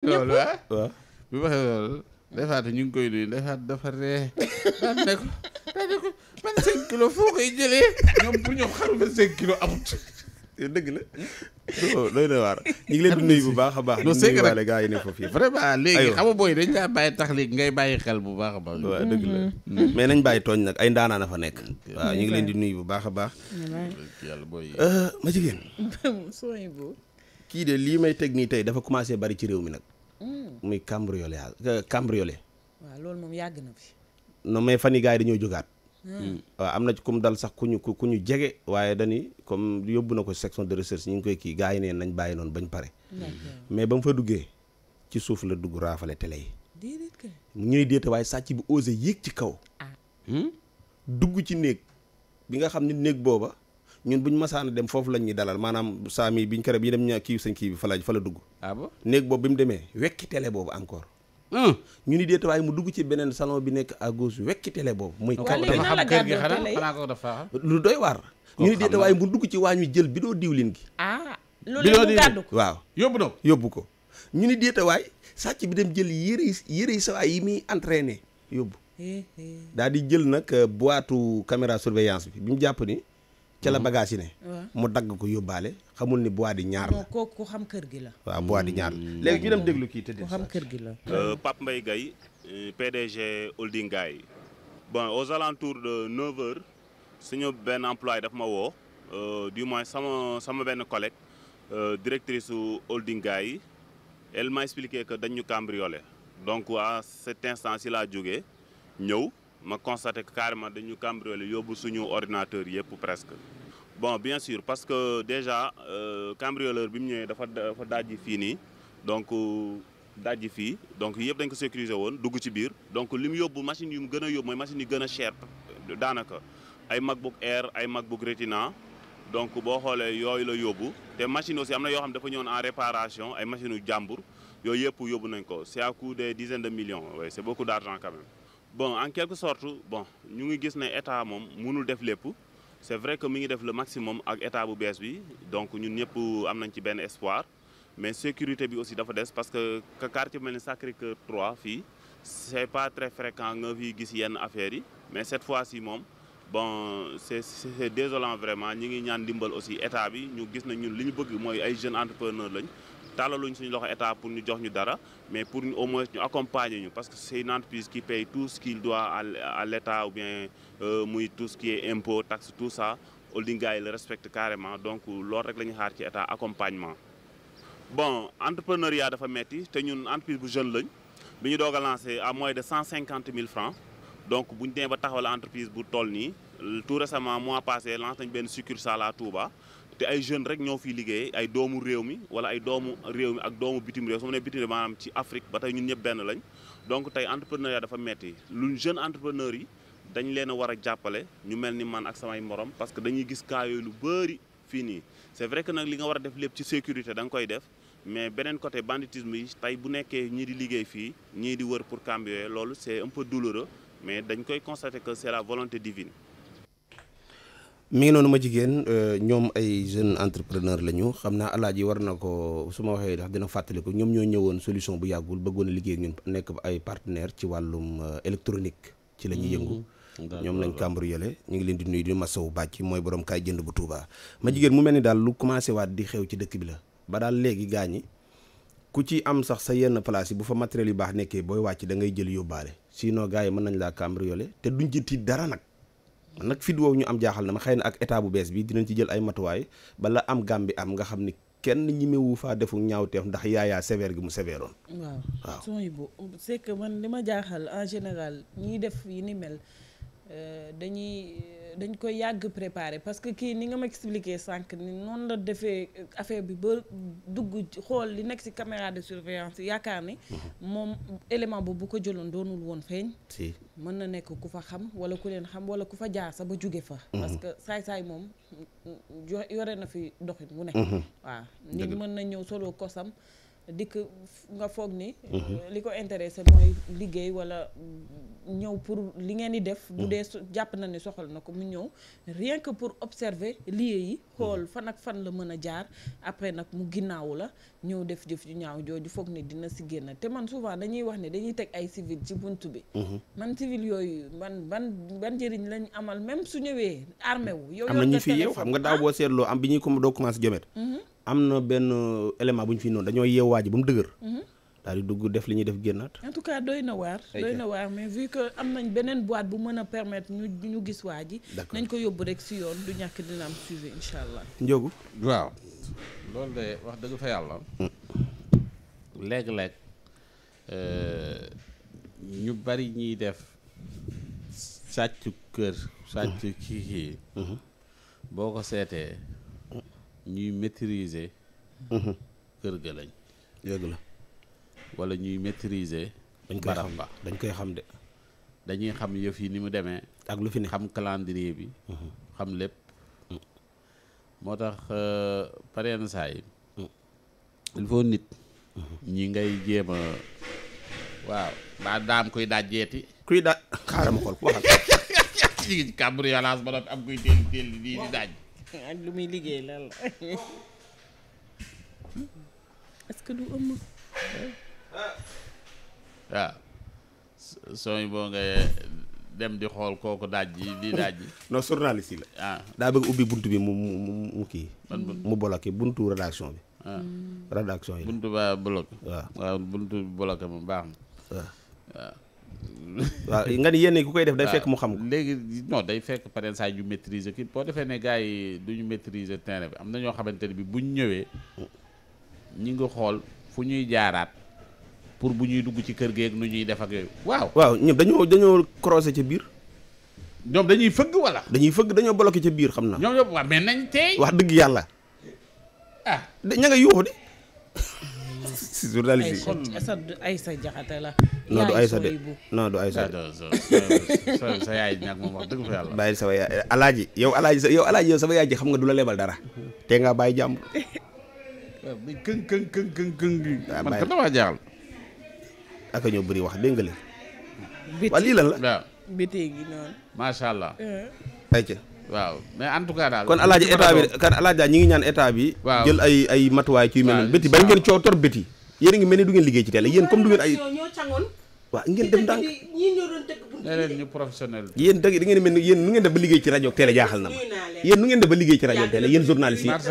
loolu ah waaw bi waxee loolu ndefaat ñu ngi koy nuyu ndefaat dafa ree daan ne dëgg la oh, doy na leen di bu baax a baax do seeg rek gaa yi ne foofu vraiment léegi xam nga booy dañ laa bàyyi tax léegi ngay bàyyi xel bu baax a baax waaw dëgg la mm-hmm. mais nañ bàyyi tooñ nag ay ndaanaan a fa nekk waaw ñu ngi leen di nuyu bu baax a baax mm-hmm. yàlla booy euh, ma jigéen kii de lii may teg nii tey dafa commencé bari ci réew mi nag. Hmm. muy cambriolage euh, cambriolé. waaw loolu moom yàgg na fi. non mais fan yi gars yi dañoo jógaat. Hmm. Hmm. waaw am na comme dal sax ku ñu ku ñu jege waaye dañuy comme yóbbu na ko section de recherche ñu ngi koy kii gars yi nee nañ bàyyi noonu bañ pare. mais ba mu fa duggee ci suuf la dugg raafale télé yi. ñuy déete waaye sàcc bi osé yéeg ci kaw. Ah. dugg ci néeg bi nga xam ne néeg booba. ñun buñ masaana dem foofu lañ ñuy dalal maanaam saami biñ kere bi dem ña kii sañ kii bi fa la fa la dugg ah bon néeg boobu bi mu demee wekki télé boobu encore ñu ni déeta waaye mu dugg ci beneen salon bi nekk à gauche wekki télé boobu muy kër gi xanaa ko dafa lu doy waar oh, ñu ni déeta waaye mu dugg ci waañ wi jël bidoo diwlin gi ah loolu mu waaw yóbbu na yóbbu ko ñu ni déeta waay sàcc bi dem jël yére yére sawaay yi muy entraîné yóbbu eh, eh. daal di jël nag euh, boitu caméra surveillance bi bi mu jàpp ni ca la mhm. bagage yi ne. mu dagg ko yóbbaale xamul ni bois di ñaar la. kooku xam kër gi la. waaw bois di ñaar mm. léegi ñu dem déglu kii te. ku xam kër gi la. Euh, Pape Mbaye Gaye euh, PDG Holding Gaye bon aux alentours de 9 heures suñu benn employé daf ma woo euh, du moins sama sama benn collègue directrice su Holding Gaye elle m'a expliqué que dañ ñu cambriolé donc à cet instant si laa jógee ñëw. ma constaté que carrément dañu cambrioler yóbbu suñu ordinateur yëpp presque. bon bien sûr parce que déjà euh, cambrioleur bi mu ñëwee dafa dafa dajji fii nii donc euh, dajji fii donc yëpp dañ ko sécuriser woon dugg ci biir donc li mu yóbbu machine yu mu gën a yóbbu mooy machine yu gën a cher daanaka ay MacBook Air ay MacBook Retina donc boo xoolee yooyu la yóbbu te machine aussi am na yoo xam dafa ñëw en réparation ay machine yu jàmbur yooyu yëpp yóbbu nañ ko c'est à coût des dizaines de millions oui bon en quelque sorte bon ñu ngi gis ne état moom munul def lépp c'est vrai que mi ngi def le maximum ak état bu bees bi donc ñun ñëpp am nañ ci benn espoir mais sécurité bi aussi dafa des parce que quartier mel ni Sacré-Cœur 3 fii c'est pas très fréquent nga fi gis yenn affaires yi mais cette fois-ci moom bon c'est c'est désolant vraiment ñi ngi ñaan dimbal aussi état bi ñu gis na ñun li ñu bëgg mooy ay jeunes entrepreneurs lañ tàllaluñ suñu loxo état pour ñu jox ñu dara mais pour au moins ñu accompagner ñu parce que c'est une entreprise qui paye tout ki qu'il doit à l'état ou bien euh, muy tout ce qui est impôt taxe tout ça holding gars yi la carrément donc loolu rek la ñuy xaar ci état accompagnement bon entrepreneuriat dafa metti te ñun entreprise bu jeune lañ bi ñu doog a lancé à moins de cent cinquante mille francs donc bu ñu demee ba taxawal entreprise bu toll nii tout récemment mois passé lancé nañ benn succursale à Touba te ay jeune rek ñoo fiy liggéey ay doomu réew mi wala ay doomu réew mi ak doomu bitim réew su ma nee bitim réew ci Afrique ba tey ñun ñëpp benn lañ donc tey entrepreneuriat dafa metti lu jeune entrepreneur yi dañ leen a war a jàppale ñu mel ni man ak samay morom parce que dañuy gis cas lu bëri fii nii c'est vrai que nag li nga war a def lépp ci sécurité danga koy def mais beneen côté banditisme yi tey bu nekkee ñii di liggéey fii ñii di wër pour cambrioler loolu c'est un mais dañ koy constater que c'est la volonté divine mi ngi noonu ma jigéen euh, ñoom ay jeune entrepreneur la ñu xam naa yi war na ko su ma waxee ndax dina fàttaliku ñoom ñoo ñëwoon solution bu yàggul bëggoon liggéey ñun nekk ay partenaire ci wàllum euh, électronique ci la ñuy yëngu mmh. ñoom lañ kàmbru yële ñu ngi leen di nuyu di ma masawu bàcc mooy borom kaay jënd bu Touba ma jigéen mu mel ni daal lu commencé waat di xew ci dëkk bi la ba daal léegi gaa ñi ku ci am sax sa yenn place yi bu fa matériel yu baax nekkee booy wàcc da ngay jël yóbbaale sinon gars yi mën nañ laa cambriolé te duñ ci dara nag nag fit woowu ñu am jaaxal na ma xay na ak état bu bees bi dinañ ci jël ay matuwaay bala am gàm bi am nga xam ni kenn ñimewu faa defu ñaawteef ndax yaayaa sévère gi mu sévéroon waaw waaw ma yi bu c'est man li ma jaaxal en général ñiy def yi ni mel euh, dañuy dañ koy yàgg préparé parce que kii ni nga ma expliqué sànq ni noonu la defee affaire bi ba dugg xool li nekk ci caméra de surveillance yaakaar ni mhm. moom élément boobu bu ko jëloon doonul woon feeñ mën na nekk ku fa xam wala ku leen xam wala ku fa jaar sa ba jóge fa mhm. parce que saay-saay moom yore na fi doxin wu ne mhm. waaw nit mën na ñëw solo kosam dikk nga foog ni li ko intéressé mooy liggéey wala ñëw pour li ngeen di def. bu mm. dee jàpp na ne soxal na ko mu ñëw rien que pour observer lieux yi. xool mm. fan ak fan la mën a jaar après nag mu ginnaawu la ñëw def jëf ju ñaaw jooju foog ne dina si génn te man souvent dañuy wax ne dañuy teg ay civil ci bunt bi. Mm-hmm. man civil yooyu man ban ban njëriñ lañu amal même su ñëwee armé wu. yow am na ñu fi yeew nga daaw boo ah. am bi ñuy comme doo commencé jomet mm-hmm. am na benn euh, élément bu ñu fi noonu dañoo yeew waa ji ba mu dëgër. Mm-hmm. daal di dugg li ñuy def génnaat. en tout cas doy na waar. doy mais vu am nañ beneen bu mën a permettre ñu ñu gis waa ji. nañ ko yóbbu rek si yoon du ñàkk dina am suivi allah. Ndiogou. waaw loolu de wax dëgg fa yàlla. Hmm. léeg-léeg euh, ñu bari ñuy def sàcc kër. sàcc ci hmm. kii. Hmm. boo ko seetee ñuy maîtriser. kër ga lañ. la. wala ñuy maîtriser. dañ koy dañ koy xam de. dañuy xam yëf yi ni mu demee. ak lu fi ne xam calendrier bi. Mm-hmm. xam lépp. Mm. moo tax euh, pareen saa yi. Mm. nit. Mm-hmm. ñi ngay jéem a. waaw ba daam kuy daaj jeeti. kuy daaj xaaral ma xool waxal. ñu ngi ba doon am kuy teel teel daaj. ak lu muy liggéey lan la. Hmm? waaw sooy boo nga dem di xool kooku daaj ji di daaj ji non journaliste yi la ah daa bëgg ubbi buntu bi mu mu mu kii mu bloqué buntu rédaction bi ah. rédaction yi buntu ba bloqué waaw waaw buntu bloqué moom baax na waaw waaw nga ni yéen ku koy def day fekk mu xam ko ah, léegi non day fekk par exemple saa yu maîtriser kii boo defee ne gars yi du ñu maîtriser terrain bi am na ñoo xamante ne bi buñ ñëwee mm. ñi ngi xool fu ñuy jaaraat pour bu ñuy dugg ci kër geeg nu ñuy def ak yooyu waaw. waaw ñoom dañoo dañoo croisé ca biir. ñoom dañuy fëgg wala. dañuy fëgg dañoo bloqué ca biir xam na ñoom ñoom waaw mais wax dëgg yàlla. ah ña sa jaxate la. non du aysa de non du aysa de. Ah, sa yaay nag moom wax dëgg fa yàlla. bàyyi sa yaay alaaji yow alaaji sa yow alaaji sama yaay ji xam nga du la lebal dara. te ngaa bàyyi jàmbur. waaw mais ah, ak ñoo bëri wax dégg nga waa lii lan la waaw. bété gi noonu. macha allah. Eh. kon alaaji état bi kon alaaji ñi ngi ñaan état bi. jël ay ay matuwaay ci yu mel bari ngeen coow tor béti. a ngi mel ni du ngeen liggéey ci télé yéen comme du ngeen ay. waaw ngeen dem ndànk leneen ñu professionnel yéen da ngeen mel ni yéen nu ngeen def ba liggéey ci rajo ak jaaxal na ma yéen nu ngeen def ba liggéey ci rajo ak télé yéen